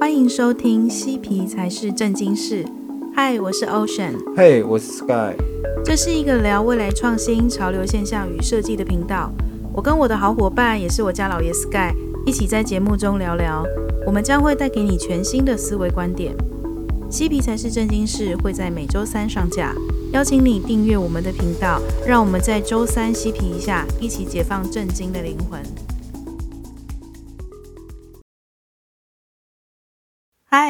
歡迎收聽《嬉皮才是正經事》。嗨，我是 Ocean。嘿、hey，我是 Sky。這是一個聊未來創新、潮流現象與設計的頻道。我跟我的好夥伴，也是我家老爺 Sky，一起在節目中聊聊。我們將會帶給你全新的思維觀點。嬉皮才是正經事，會在每周三上架。邀請你訂閱我們的頻道，讓我們在周三嬉皮一下，一起解放正經的靈魂。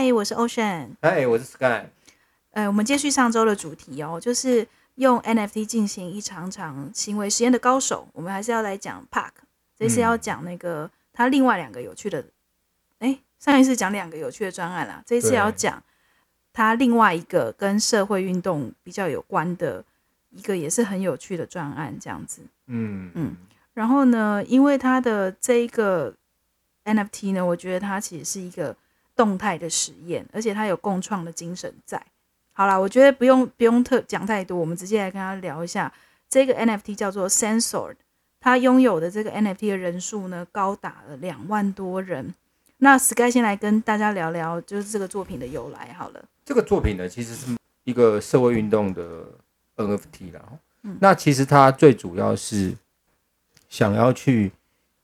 嗨，我是 Ocean。嗨，我是 Sky。呃，我們接續上周的主題哦、喔，就是用 NFT 進行一場場行為實驗的高手。我們還是要來講 Pak，這次要講那個、嗯、他另外兩個有趣的。哎、欸，上一次講兩個有趣的專案啦，這一次要講他另外一個跟社會運動比較有關的一個也是很有趣的專案，這樣子。嗯嗯。然後呢，因為他的這一個 NFT 呢，我覺得他其實是一個動態的實驗，而且他有共創的精神在。好了，我覺得不用不用特講太多，我們直接來跟他聊一下。這個 NFT 叫做 Censored，他擁有的這個 NFT 的人數呢，高達了兩萬多人。那 Sky 先來跟大家聊聊，就是這個作品的由來。好了，這個作品呢，其實是一個社會運動的 NFT 啦。嗯，那其實他最主要是想要去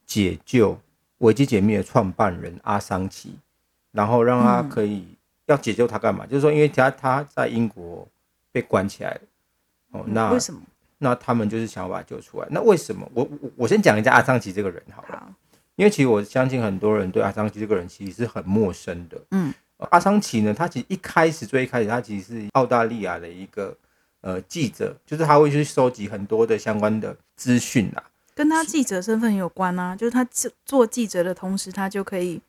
解救維基解密的創辦人阿桑奇。然後讓他可以要解救他幹嘛？嗯、就是說，因為他他在英國被關起來了哦，那為什麼？那他們就是想要把他救出來。那為什麼？我我我先講一下阿桑奇這個人好，好了，因為其實我相信很多人對阿桑奇這個人其實是很陌生的。嗯，呃、阿桑奇呢，他其實一開始最一開始他其實是澳大利亞的一個呃記者，就是他會去收集很多的相關的資訊啦、啊，跟他記者身份有關啊，是就是他做做記者的同時，他就可以。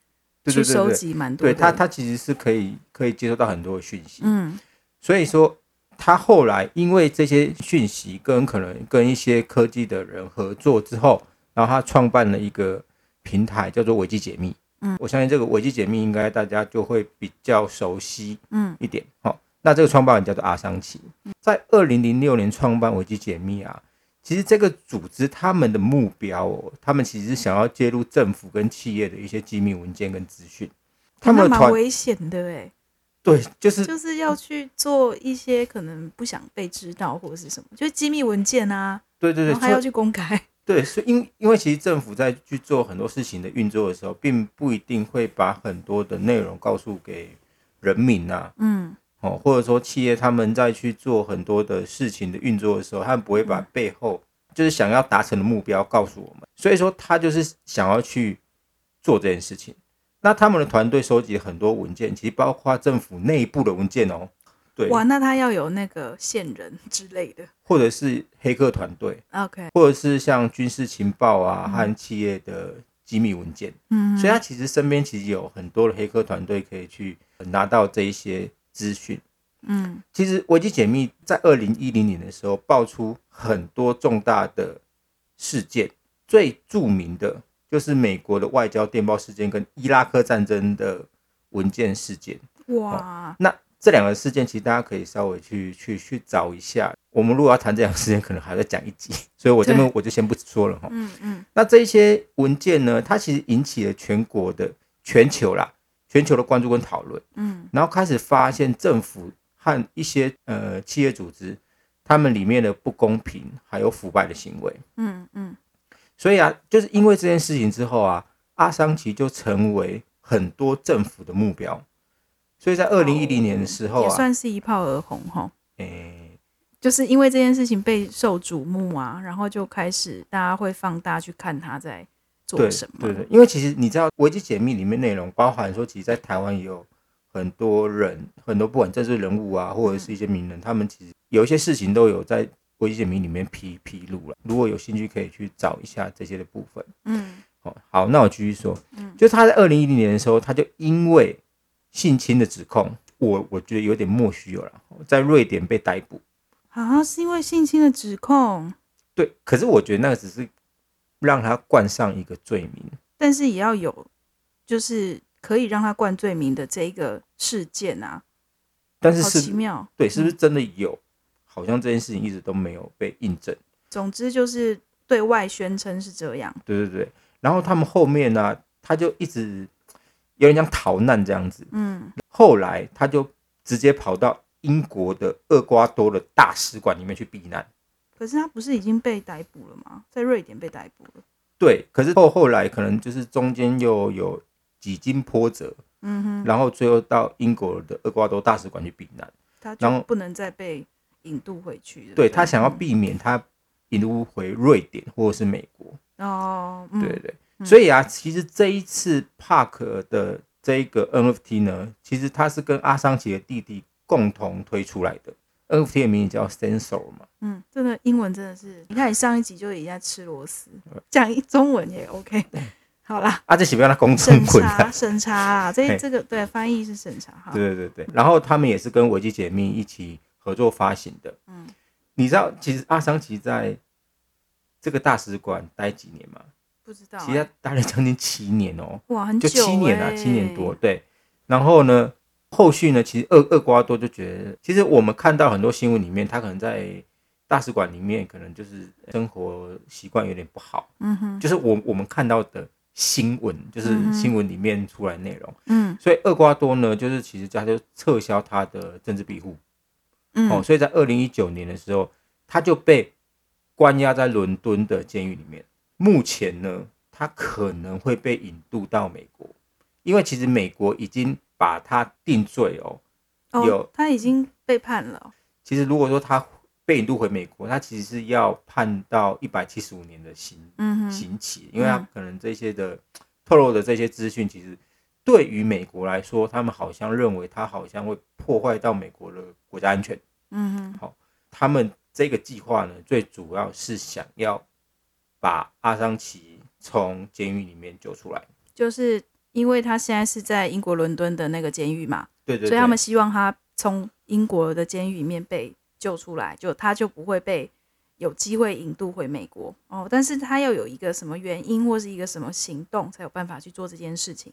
去收集蠻多，對他，他其實是可以可以接收到很多訊息，嗯，所以說他後來因為這些訊息跟可能跟一些科技的人合作之後，然後他創辦了一個平台叫做“維基解密”，嗯，我相信這個“維基解密”應該大家就會比較熟悉，嗯，一點，好，那這個創辦人叫做阿桑奇，在二零零六年創辦“維基解密”啊。其實這個組織他們的目標哦，他們其實是想要介入政府跟企業的一些機密文件跟資訊，他們蠻危險的。對對，就是就是要去做一些可能不想被知道或者是什麼，嗯，就是機密文件啊。對對對，他要去公開。對，所以因因為其實政府在去做很多事情的運作的時候，並不一定會把很多的內容告訴給人民吶。嗯。哦，或者說企業他們在去做很多的事情的運作的時候，他們不會把背後就是想要達成的目標告訴我們，所以說他就是想要去做這件事情。那他們的團隊收集很多文件，其實包括政府內部的文件哦。對哇，那他要有那個線人之類的，或者是黑客團隊，OK，或者是像軍事情報啊和企業的機密文件，嗯，所以他其實身邊其實有很多的黑客團隊可以去拿到這一些。資訊，嗯，其實我已解密維基解密，在二零一零年的時候爆出很多重大的事件，最著名的就是美國的外交電報事件跟伊拉克戰爭的文件事件。哇，哦、那這兩個事件，其實大家可以稍微去去去找一下。我們如果要談這兩個事件，可能還要再講一集，所以我這邊我就先不說了哈。嗯嗯，那這些文件呢，它其實引起了全國的全球啦。全球的關注跟討論，嗯，然後開始發現政府和一些呃企業組織，他們裡面的不公平還有腐敗的行為，嗯嗯，所以啊，就是因為這件事情之後啊，阿桑奇就成為很多政府的目標，所以在二零一零年的時候，啊哦嗯，也算是一炮而紅哈，哎、哦欸，就是因為這件事情備受矚目啊，然後就開始大家會放大去看他在什麼對對對，因為其實你知道，維基解密裡面內容包含說，其實在台灣也有很多人，很多不管政治人物啊，或者是一些名人，嗯、他們其實有一些事情都有在維基解密裡面披披，披露了。如果有興趣，可以去找一下這些的部分。嗯，哦、好，那我繼續說。嗯，就他在二零一零年的時候，他就因為性侵的指控，我我覺得有點莫須有了，在瑞典被逮捕。啊，是因為性侵的指控？對，可是我覺得那個只是。讓他冠上一個罪名，但是也要有，就是可以讓他冠罪名的這一個事件啊。但是，是好奇妙，對，是不是真的有，嗯？好像這件事情一直都沒有被印證。總之就是對外宣稱是這樣，對對對。然後他們後面呢、啊，他就一直有點像逃難這樣子，嗯。後來他就直接跑到英國的厄瓜多的大使館裡面去避難。可是他不是已經被逮捕了嗎？在瑞典被逮捕了。對，可是後後來可能就是中間又有幾經波折，嗯哼，然後最後到英國的厄瓜多大使館去避難，他就不能再被引渡回去了。對,對、嗯、他想要避免他引渡回瑞典或者是美國。哦，對、嗯、對對，所以啊、嗯，其實這一次 Pak 的這一個 NFT 呢，其實他是跟阿桑奇的弟弟共同推出來的。NFT 的名字叫 Censored 嘛？嗯，真的，英文真的是。你看，你上一集就已經在吃螺絲，講一中文也 OK。好啦。啊，這是不要他工作混蛋，審查，審查、啊、這這個對翻譯是審查哈。對對對，然後他們也是跟維基解密一起合作發行的。嗯，你知道其實阿桑奇在這個大使館待幾年嗎？不知道、欸，其實他待了將近七年哦、喔。哇，很久、欸，就七年啊，七年多。對，然後呢？後續呢？其實厄厄瓜多就覺得，其實我們看到很多新聞裡面，他可能在大使館裡面，可能就是生活習慣有點不好。嗯哼，就是我我們看到的新聞，就是新聞裡面出來內容嗯。嗯，所以厄瓜多呢，就是其實他就撤銷他的政治庇護。嗯，哦，所以在二零一九年的時候，他就被關押在倫敦的監獄裡面。目前呢，他可能會被引渡到美國，因為其實美國已經。把他定罪哦，喔，oh, 有他已經被判了。其實如果說他被引渡回美國，他其實是要判到一百七十五年的刑，刑，嗯，期。因為他可能這些的，嗯，透露的這些資訊，其實對於美國來說，他們好像認為他好像會破壞到美國的國家安全。嗯好，喔，他們這個計劃呢，最主要是想要把阿桑奇從監獄裡面救出來，就是。因為他現在是在英國倫敦的那個監獄嘛，對對對，所以他們希望他從英國的監獄裡面被救出來，就他就不會被有機會引渡回美國哦。但是他要有一個什麼原因或是一個什麼行動才有辦法去做這件事情，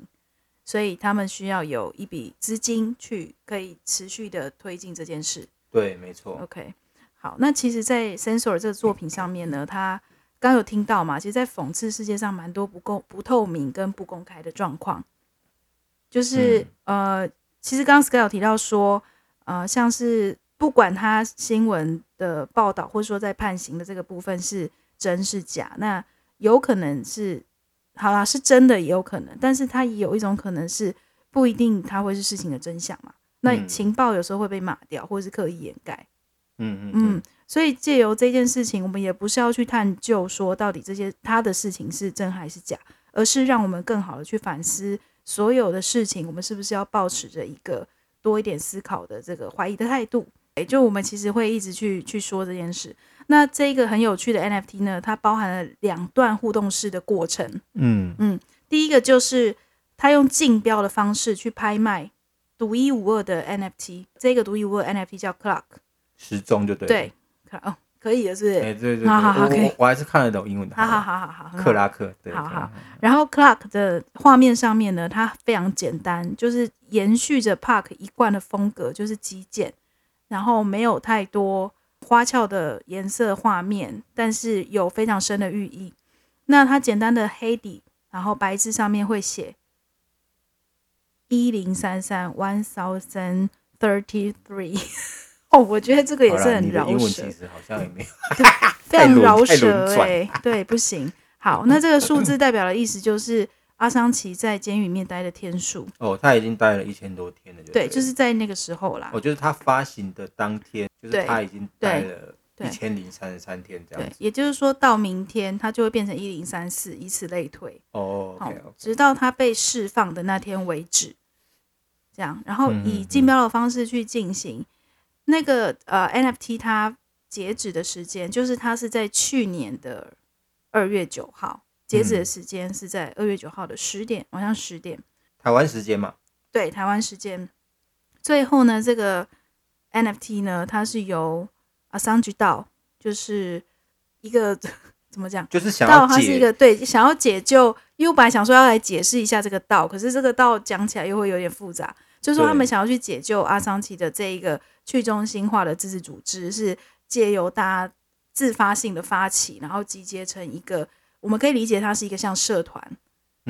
所以他們需要有一筆資金去可以持續的推進這件事。對，沒錯。OK，好，那其實，在《Sensor》這個作品上面呢，他、嗯。剛有聽到嘛？其實，在諷刺世界上蠻多不公、不透明跟不公開的狀況，就是、嗯、呃，其實剛剛 Sky 有提到說，呃，像是不管他新聞的報道，或者說在判刑的這個部分是真是假，那有可能是好啦，是真的也有可能，但是他也有一種可能是不一定他會是事情的真相嘛。那情報有時候會被抹掉，或是刻意掩蓋。嗯嗯嗯。嗯所以借由這件事情，我們也不是要去探究說到底這些他的事情是真還是假，而是讓我們更好的去反思所有的事情，我們是不是要抱持著一個多一點思考的這個懷疑的態度？欸，就我們其實會一直去去說這件事。那這一個很有趣的 NFT 呢，它包含了兩段互動式的過程。嗯嗯，第一個就是他用競標的方式去拍賣獨一無二的 NFT，這個獨一無二的 NFT 叫 Clock 時鐘，就對對。哦，可以的是，哎，對對對,對好好好，我我還是看得懂英文的好。好好好好好，克拉克，對，好好。然後克拉克的畫面上面呢，它非常簡單，就是延續着 Pak 一貫的風格，就是極簡，然後沒有太多花俏的顏色畫面，但是有非常深的寓意。那它簡單的黑底，然後白字上面會寫一零三三 one thousand thirty three。哦，我覺得這個也是很饒舌。英文其實好像也沒有， 非常饒舌哎、欸， 對，不行。好，那這個數字代表的意思就是阿桑奇在監獄裡面待的天數。哦，他已經待了一千多天了，了。對，就是在那個時候啦。哦，就是他發行的當天，就是他已經待了一千零三十三天這樣子，對對。對，也就是說到明天，他就會變成一零三四，以此類推。哦，okay, okay. 直到他被釋放的那天為止，這樣，然後以競標的方式去進行。嗯。那個呃，NFT 它截止的時間，就是它是在去年的二月九號，截止的時間是在二月九號的十點，好像十點，台灣時間嘛。對，台灣時間。最後呢，這個 NFT 呢，它是由阿桑奇道，就是一個怎麼講，道、就是，Dao、它是一個對，想要解救。因為我本來想說要來解釋一下這個道，可是這個道講起來又會有點複雜。就是說他們想要去解救阿桑奇的這一個去中心化的自治組織，是借由大家自發性的發起，然後集結成一個，我們可以理解它是一個像社團，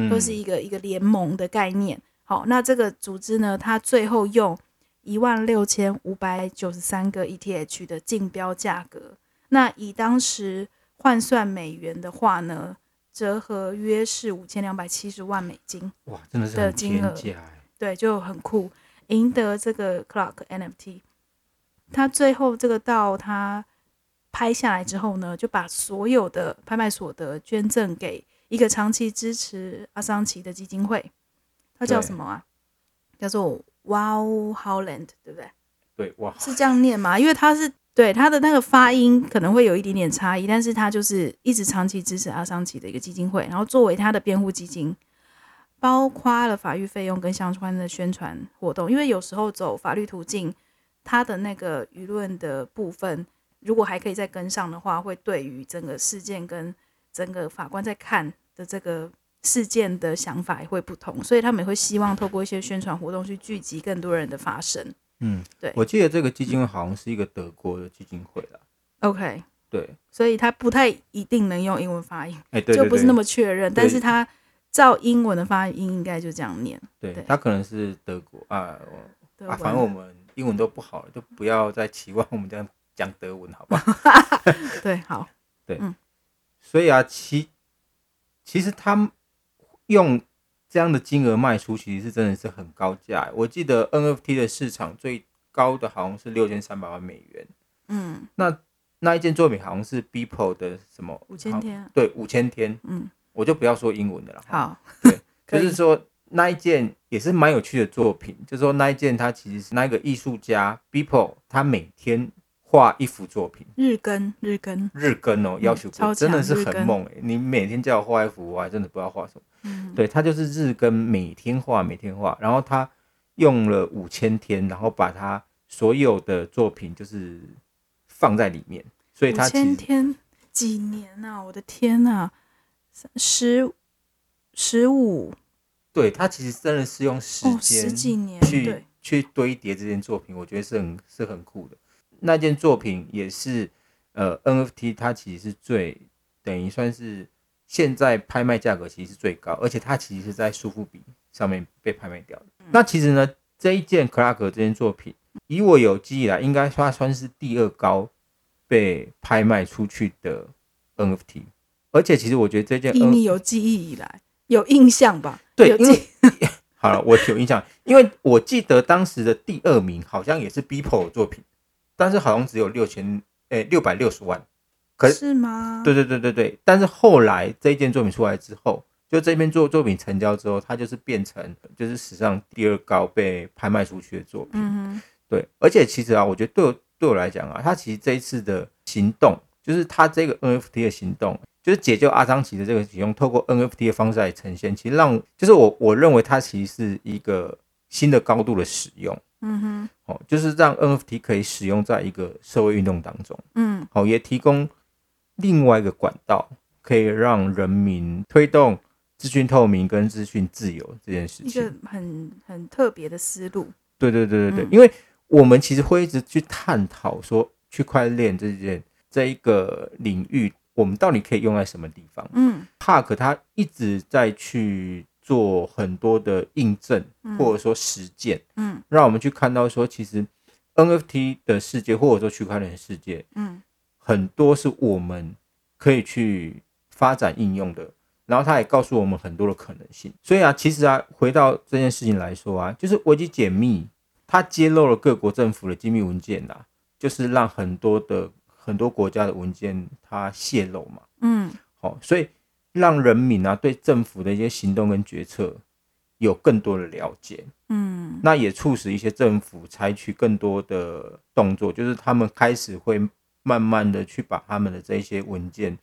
或是一個一個聯盟的概念，嗯。好，那這個組織呢，它最後用一萬六千五百九十三個 ETH 的競標價格，那以當時換算美元的話呢，折合約是五千兩百七十萬美金的金額。哇，真的是很天價呀！對，就很酷，贏得這個 Clock NFT，他最後這個到他拍下來之後呢，就把所有的拍賣所得捐贈給一個長期支持阿桑奇的基金會，他叫什麼啊？叫做 Wow Holland，對不對？對，哇、wow，是這樣念嗎？因為他是對他的那個發音可能會有一點點差異，但是他就是一直長期支持阿桑奇的一個基金會，然後作為他的辯護基金。包括了法律費用跟相關的宣傳活動，因為有時候走法律途徑，他的那個輿論的部分，如果還可以再跟上的話，會對於整個事件跟整個法官在看的這個事件的想法也會不同，所以他們也會希望透過一些宣傳活動去聚集更多人的發聲。嗯，對，我記得這個基金會好像是一個德國的基金會啦。OK，對，所以他不太一定能用英文發音，欸，就不是那麼確認對對對，但是他。照英文的發音應該就這樣念。對，對他可能是德國啊，德啊，反正我們英文都不好，就不要再期望我們這樣講德文好不好，好吧？對，好。對，嗯、所以啊，其其實他們用這樣的金額賣出，其實是真的是很高價。我記得 NFT 的市場最高的好像是六千三百萬美元。嗯，那那一件作品好像是 Beeple 的什麼？五千天。對，五千天。嗯。我就不要說英文的了。好，對就是說那一件也是蠻有趣的作品。就是說那一件，他其實是那個藝術家 Beeple 他每天畫一幅作品，日更日更日更哦，要求真的是很猛哎！你每天叫我畫一幅，我還真的不知道畫什麼。對，他就是日更，每天畫，每天畫。然後他用了五千天，然後把他所有的作品就是放在裡面，所以他五千天幾年吶、啊？我的天吶、啊！十十五，對他其實真的是用時間、哦、十幾年去去堆疊這件作品，我覺得是很是很酷的。那件作品也是呃 NFT，它其實是最等於算是現在拍賣價格其實是最高，而且它其實是在蘇富比上面被拍賣掉的，嗯。那其實呢，這一件 c l 克拉克這件作品，以我有記憶以來，應該算算是第二高被拍賣出去的 NFT。而且其實我覺得這件，你有記憶以來有印象吧？對，有記憶 好了，我有印象， 因為我記得當時的第二名好像也是 Beeple 的作品，但是好像只有六千誒六百六十萬，可是嗎？對對對對對。但是後來這一件作品出來之後，就這篇作作品成交之後，它就是變成就是史上第二高被拍賣出去的作品。嗯。對，而且其實啊，我覺得對我對我來講啊，它其實這一次的行動，就是它這個 NFT 的行動。就是解救阿桑奇的這個使用，透過 NFT 的方式來呈現，其實讓就是我我認為它其實是一個新的高度的使用，嗯哼。哦，就是讓 NFT 可以使用在一個社會運動當中，嗯，哦，也提供另外一個管道，可以讓人民推動資訊透明跟資訊自由這件事情，一個很很特別的思路。對對對對對，嗯，因為我們其實會一直去探討說，區塊鏈這件這一個領域。我們到底可以用在什麼地方？嗯，Pak 他一直在去做很多的印證，嗯、或者說實踐，嗯，讓我們去看到說，其實 NFT 的世界或者說區塊鏈的世界，嗯，很多是我們可以去發展應用的。然後他也告訴我們很多的可能性。所以啊，其實啊，回到這件事情來說啊，就是維基解密，他揭露了各國政府的機密文件啦、啊，就是讓很多的。很多國家的文件它洩露嘛，嗯，好、哦，所以讓人民啊對政府的一些行動跟決策有更多的了解，嗯，那也促使一些政府採取更多的動作，就是他們開始會慢慢的去把他們的這些文件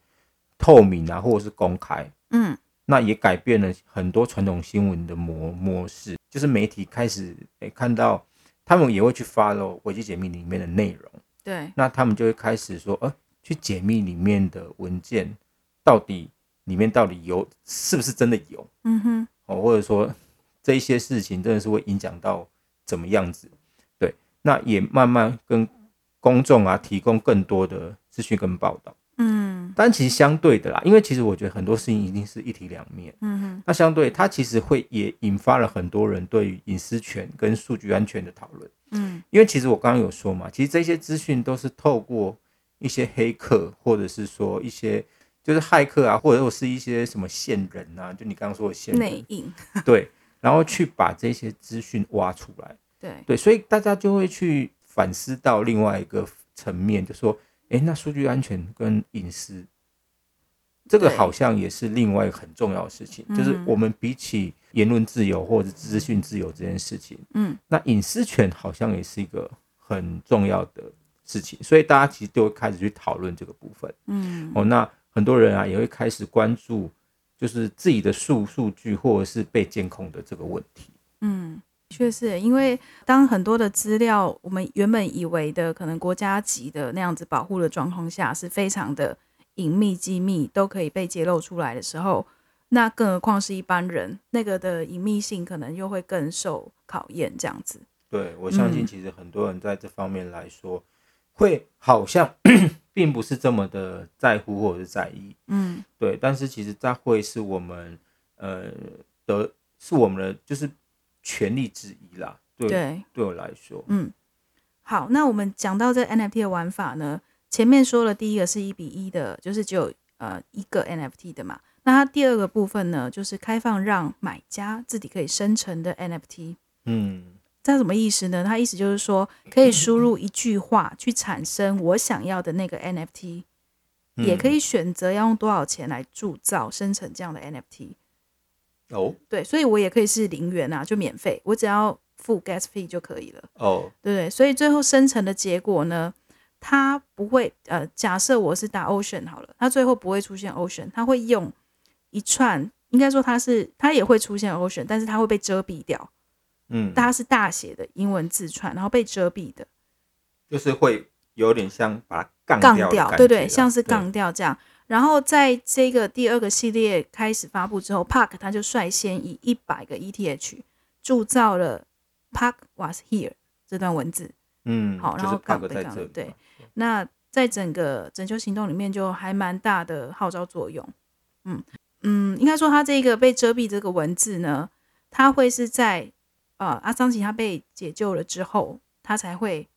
透明啊或者是公開，嗯，那也改變了很多傳統新聞的模模式，就是媒體開始誒看到，他們也會去 follow 國際解密裡面的內容。對，那他們就會開始說，呃，去解密裡面的文件，到底裡面到底有，是不是真的有？嗯哼，哦，或者說這一些事情真的是會影響到怎麼樣子？對，那也慢慢跟公眾啊提供更多的資訊跟報道。但其實相對的啦，因為其實我覺得很多事情一定是一體兩面。嗯哼，那相對它其實會也引發了很多人對於隱私權跟數據安全的討論。嗯，因為其實我剛剛有說嘛，其實這些資訊都是透過一些黑客，或者是說一些就是駭客啊，或者說是一些什麼線人啊，就你剛剛說的線人，內應， 對，然後去把這些資訊挖出來。對對，所以大家就會去反思到另外一個層面，就說。誒、欸，那數據安全跟隱私，這個好像也是另外一個很重要的事情，就是我們比起言論自由或者資訊自由這件事情，嗯，那隱私權好像也是一個很重要的事情，所以大家其實就會開始去討論這個部分，嗯，哦，那很多人啊也會開始關注，就是自己的數數據或者是被監控的這個問題，嗯。確實，因為當很多的資料，我們原本以為的可能國家級的那樣子保護的狀況下，是非常的隱秘機密，都可以被揭露出來的時候，那更何況是一般人，那個的隱秘性可能又會更受考驗。這樣子，對，我相信，其實很多人在這方面來說，嗯、會好像 並不是這麼的在乎或者是在意。嗯，對，但是其實在會是我們呃，的是我們的就是。權力之一啦對，對，對我來說，嗯，好，那我們講到這 NFT 的玩法呢，前面說了第一個是一比一的，就是只有呃一個 NFT 的嘛，那它第二個部分呢，就是開放讓買家自己可以生成的 NFT，嗯，這樣什麼意思呢？它意思就是說可以輸入一句話去產生我想要的那個 NFT，嗯，也可以選擇要用多少錢來鑄造生成這樣的 NFT。哦、oh.，對，所以我也可以是零元啊，就免費，我只要付 gas fee 就可以了。哦，對對，所以最後生成的結果呢，它不會呃，假設我是打 ocean 好了，它最後不會出現 ocean，它會用一串，應該說它是，它也會出現 ocean，但是它會被遮蔽掉。嗯，它是大寫的英文字串，然後被遮蔽的，就是會有點像把它槓掉，槓掉，對，對對，像是槓掉這樣。然後在這個第二個系列開始發布之後，Pak 他就率先以一百個 ETH 鑄造了 “Pak was here” 這段文字。嗯，好，就是、然後剛剛對，那在整個拯救行動裡面就還蠻大的號召作用。嗯嗯，應該說他這個被遮蔽這個文字呢，他會是在呃阿桑奇他被解救了之後，他才會。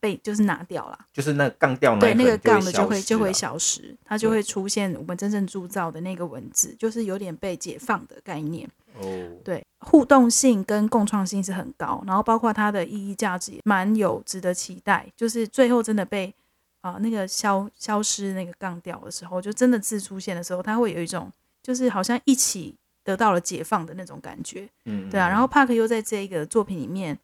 被就是拿掉了，就是那個槓掉，對，那個槓的就會就會消失，那個會消失啊，它就會出現我們真正鑄造的那個文字，就是有點被解放的概念。哦，對，互動性跟共創性是很高，然後包括它的意義價值也蠻有值得期待。就是最後真的被啊、呃、那個消消失那個槓掉的時候，就真的字出現的時候，它會有一種就是好像一起得到了解放的那種感覺。嗯，對啊。然後帕克又在這個作品裡面。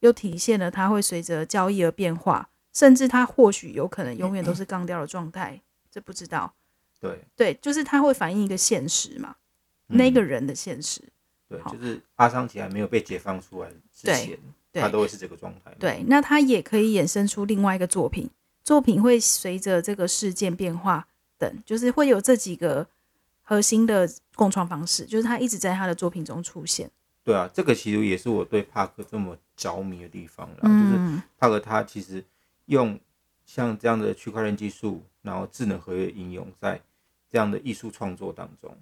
又體現了它會隨着交易而變化，甚至它或許有可能永遠都是鋼雕的狀態，嗯、這不知道。對對，就是它會反映一個現實嘛、嗯，那個人的現實。對，就是阿桑奇還沒有被解放出來之前，他都會是這個狀態。對，那他也可以衍生出另外一個作品，作品會隨着這個事件變化等，就是會有這幾個核心的共創方式，就是他一直在他的作品中出現。對啊，這個其實也是我對帕克這麼着迷的地方啦，嗯，然後，就是帕克他其實用像這樣的區塊鏈技術，然後智能合約應用在這樣的藝術創作當中，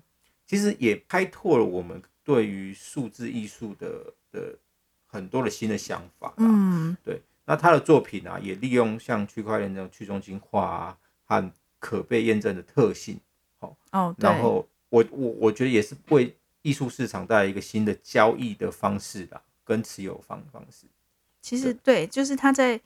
其實也開拓了我們對於數字藝術的的很多的新的想法。嗯，對。那他的作品啊，也利用像區塊鏈這種去中心化啊和可被驗證的特性。哦，然後我我我覺得也是為。藝術市場帶來一個新的交易的方式吧，跟持有方的方式。其實對，就是他在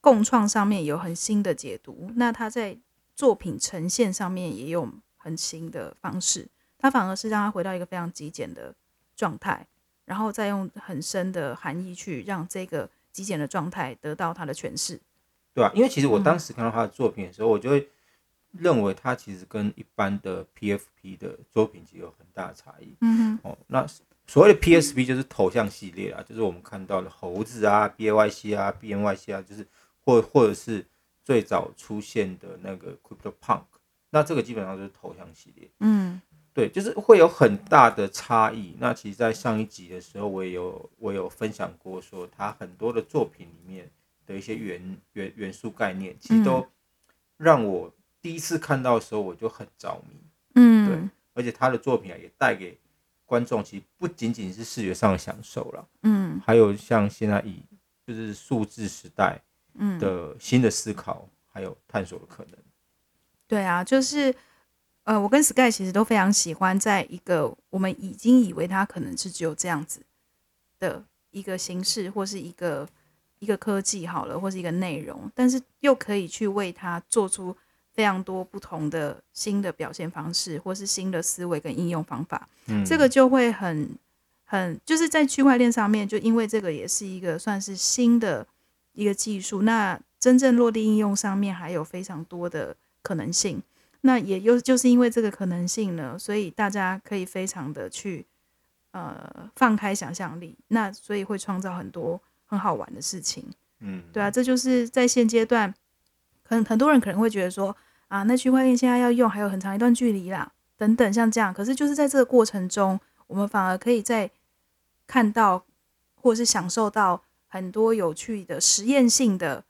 共創上面有很新的解讀，那他在作品呈現上面也有很新的方式。他反而是讓他回到一個非常極簡的狀態，然後再用很深的含義去讓這個極簡的狀態得到他的詮釋。對啊，因為其實我當時看到他的作品的時候，嗯、我就會認為他其實跟一般的 PFP 的作品其實有很大的差異嗯。嗯哦，那所謂的 PSP 就是頭像系列啊，就是我們看到的猴子啊，BAYC 啊，BNYC 啊，就是或或者是最早出現的那個 Crypto Punk，那這個基本上就是頭像系列。嗯，對，就是會有很大的差異。那其實，在上一集的時候我，我也有我有分享過，說他很多的作品裡面的一些元元元素概念，其實都讓我。第一次看到的時候我就很着迷，嗯，對，而且他的作品啊也帶給觀眾，其實不僅僅是視覺上的享受了，嗯，還有像現在以就是數字時代，嗯的新的思考還有探索的可能，嗯。對啊，就是呃，我跟 Sky 其實都非常喜歡，在一個我們已經以為它可能是只有這樣子的一個形式，或是一個一個科技好了，或是一個內容，但是又可以去為它做出。非常多不同的新的表現方式，或是新的思維跟應用方法，嗯，這個就會很很就是在區塊鏈上面，就因為這個也是一個算是新的一個技術，那真正落地應用上面還有非常多的可能性。那也又就是因為這個可能性呢，所以大家可以非常的去呃放開想象力，那所以會創造很多很好玩的事情，嗯，對啊，這就是在現階段。很很多人可能會覺得說啊，那區塊鏈現在要用還有很長一段距離啦，等等，像這樣。可是就是在這個過程中，我們反而可以在看到或者是享受到很多有趣的實驗性的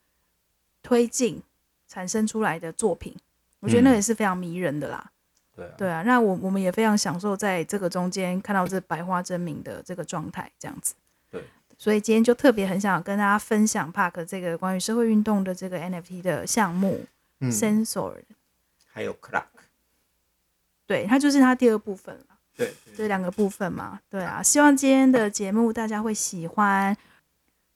推進產生出來的作品，我覺得那也是非常迷人的啦。嗯、對啊對啊，那我我們也非常享受在這個中間看到這百花爭鳴的這個狀態這樣子。所以今天就特別很想跟大家分享 Pak 這個關於社會運動的這個 NFT 的項目，嗯、Sensor，還有 Clock，對，它就是它第二部分對，這兩個部分嘛，對啊。希望今天的節目大家會喜歡。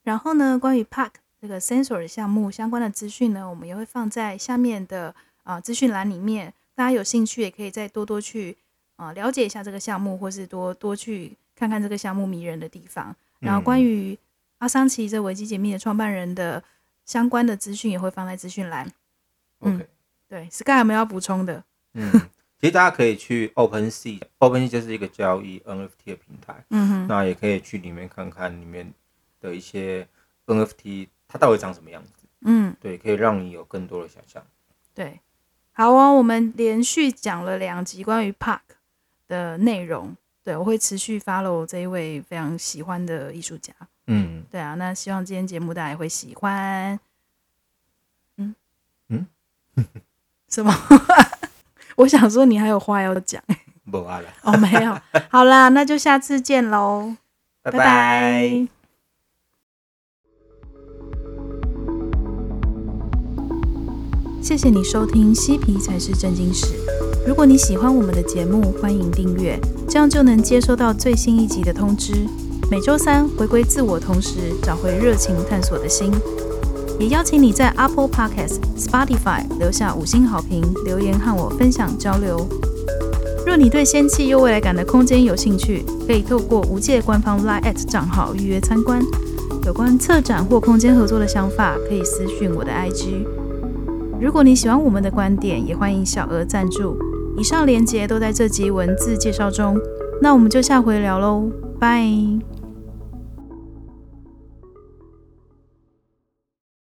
然後呢，關於 Pak 這個 Sensor 的項目相關的資訊呢，我們也會放在下面的啊、呃、資訊欄裡面，大家有興趣也可以再多多去啊、呃、了解一下這個項目，或是多多去看看這個項目迷人的地方。然後關於阿桑奇這維基解密的創辦人的相關的資訊也會放在資訊欄。OK，嗯，對，Sky 有沒有要補充的？嗯，其實大家可以去 OpenSea，OpenSea OpenSea 就是一個交易 NFT 的平台。嗯哼，那也可以去裡面看看裡面的一些 NFT 它到底長什麼樣子。嗯，對，可以讓你有更多的想象。對。好哦，我們連續講了兩集關於 PAK 的內容。對，我會持續 follow 這一位非常喜歡的藝術家。嗯，對啊，那希望今天節目大家也會喜歡。嗯嗯， 什麼？ 我想說你還有話要講。沒話了。哦，沒有。好啦， 那就下次見嘍。拜拜。謝謝你收聽，《嬉皮才是正經事》。如果你喜歡我們的節目，歡迎訂閱，這樣就能接收到最新一集的通知。每周三回歸自我，同時找回熱情探索的心。也邀請你在 Apple Podcast、Spotify 留下五星好評，留言和我分享交流。若你對仙氣又未來感的空間有興趣，可以透過無界官方 Line 賬號預約參觀。有關策展或空間合作的想法，可以私訊我的 IG。如果你喜歡我們的觀點，也歡迎小額贊助。以上連結都在這集文字介紹中，那我們就下回聊嘍，拜。